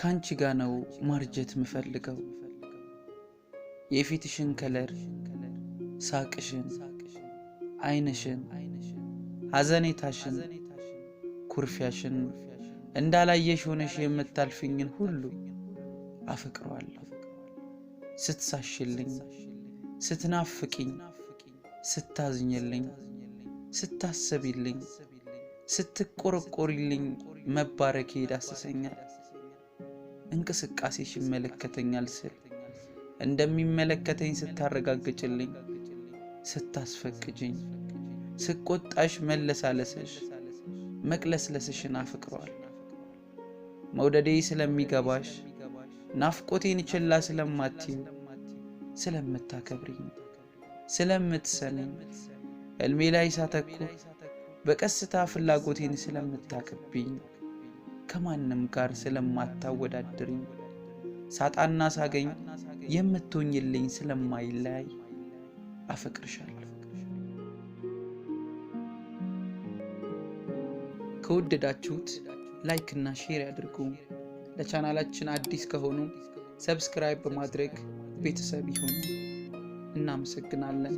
ከአንቺ ጋ ነው ማርጀት ምፈልገው የፊትሽን ከለር ሳቅሽን አይንሽን ሐዘኔታሽን ኩርፊያሽን እንዳላየሽ ሆነሽ የምታልፍኝን ሁሉ አፈቅረዋለሁ። ስትሳሽልኝ፣ ስትናፍቅኝ፣ ስታዝኝልኝ፣ ስታሰቢልኝ፣ ስትቆረቆሪልኝ መባረኬ ይዳስሰኛል። እንቅስቃሴሽ ይመለከተኛል ስል እንደሚመለከተኝ ስታረጋግጭልኝ፣ ስታስፈቅጅኝ፣ ስቆጣሽ መለሳለስሽ መቅለስለስሽን አፍቅረዋል። መውደዴ ስለሚገባሽ ናፍቆቴን ችላ ስለማትዪው ስለምታከብሪኝ ስለምትሰሚኝ እልሜ ላይ ሳተኩር በቀስታ ፍላጎቴን ስለምታከብኝ ከማንም ጋር ስለማታወዳድርኝ ሳጣና ሳገኝ የምትሆኝልኝ ስለማይለያይ አፈቅርሻለሁ። ከወደዳችሁት ላይክ እና ሼር ያድርጉ። ለቻናላችን አዲስ ከሆኑ ሰብስክራይብ በማድረግ ቤተሰብ ይሁኑ። እናመሰግናለን።